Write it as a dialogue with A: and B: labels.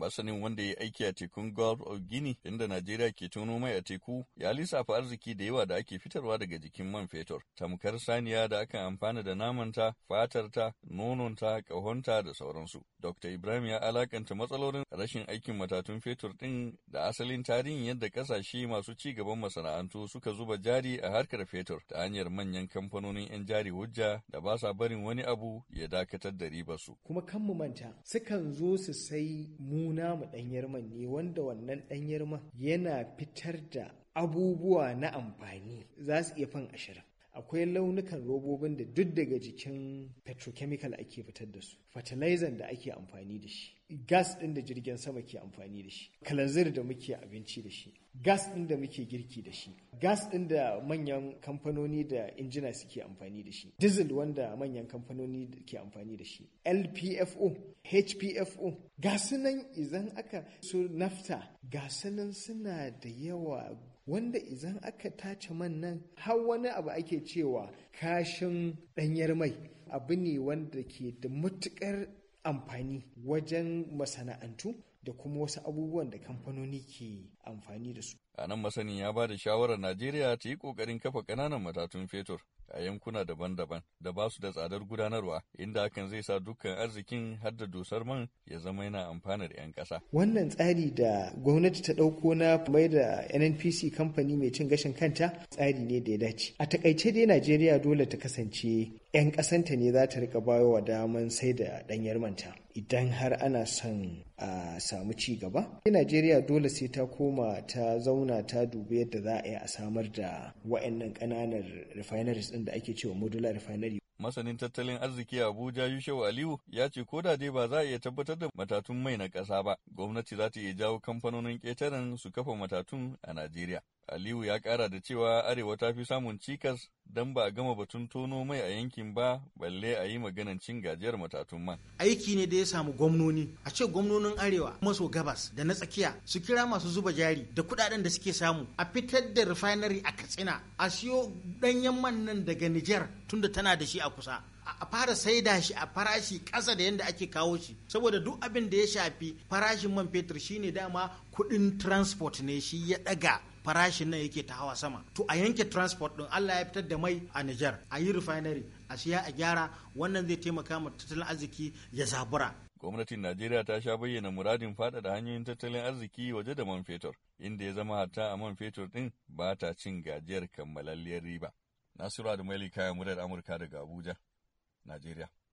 A: masanin wanda ya aiki a tekun Gulf of Guinea inda Najeriya ke tono mai a teku ya lissafa arziki da yawa da ake fitarwa daga jikin man fetur, tamkar saniya da akan amfana da namanta, fatarta, nononta, ƙahonta da sauransu. Dr. Ibrahim ya alakanta matsalolin rashin aikin matatun fetur din da asalin tarihin yadda kasashe masu ci gaban masana'antu suka zuba jari a harkar fetur ta hanyar manyan kamfanonin 'yan jari hujja da ba sa barin wani abu ya dakatar da ribarsu.
B: Kuma kan mu manta, sukan zo su sai mu mu namu ɗanyar man ne wanda wannan ɗanyar man yana fitar da abubuwa na amfani za su iya fan ashirin akwai launukan robobin da duk daga jikin petrochemical ake fitar da su fertilizer da ake amfani da shi gas ɗin da jirgin sama ke amfani da shi kalanzir da muke abinci da shi gas ɗin da muke girki da shi gas ɗin da manyan kamfanoni da injina suke amfani da shi diesel wanda manyan kamfanoni ke amfani da shi lpfo hpfo ga nan idan aka su nafta ga suna da yawa wanda idan aka tace man nan har wani abu ake cewa kashin ɗanyar mai abu ne wanda ke da matuƙar amfani wajen masana'antu da kuma wasu abubuwan da kamfanoni ke amfani da su.
A: A nan masanin ya ba da shawarar Najeriya ta yi ƙoƙarin kafa ƙananan matatun fetur a yankuna daban-daban da ba su da tsadar gudanarwa inda hakan zai sa dukkan arzikin har da dusar man ya zama yana amfanar 'yan
B: ƙasa. Wannan tsari da gwamnati ta ɗauko na mai da NNPC kamfani mai cin gashin kanta tsari ne da ya dace. A takaice dai Najeriya dole ta kasance 'yan ƙasanta ne za ta rika bayo wa daman sai da ɗanyar manta idan har ana son a samu ci gaba. Najeriya dole sai ta koma ta zauna ta dubi yadda za a yi a samar da wa'annan ƙananan refineries ɗin ɗin da ake cewa modular refinery.
A: Masanin tattalin arziki Abuja Yushau Aliyu ya ce ko da dai ba za a iya tabbatar da matatun mai na ƙasa ba, gwamnati za ta iya jawo kamfanonin ƙetaren su kafa matatun a Najeriya. Aliyu ya ƙara da cewa Arewa ta fi samun cikas don ba a gama batun tono mai a yankin ba balle a yi maganan cin gajiyar matatun man.
C: Aiki ne da ya samu gwamnoni a ce gwamnonin Arewa maso gabas da na tsakiya su kira masu zuba jari da kudaden da suke samu a fitar da refinery a Katsina a siyo ɗanyen man nan daga Nijar tunda tana da shi a kusa. a fara saida shi a farashi ƙasa da yadda ake kawo shi saboda duk abin da ya shafi farashin man fetur shine dama kuɗin transport ne shi ya ɗaga farashin nan yake ta hawa sama to a yanke transport din Allah ya fitar da mai a Niger a yi refinery a siya a gyara wannan zai taimaka ma tattalin arziki ya zabura
A: gwamnatin Najeriya ta sha bayyana muradin faɗaɗa hanyoyin tattalin arziki waje da man fetur inda ya zama hatta a man fetur din ba ta cin gajiyar kammalalliyar riba Nasiru Adamali kayan murar Amurka daga Abuja Najeriya.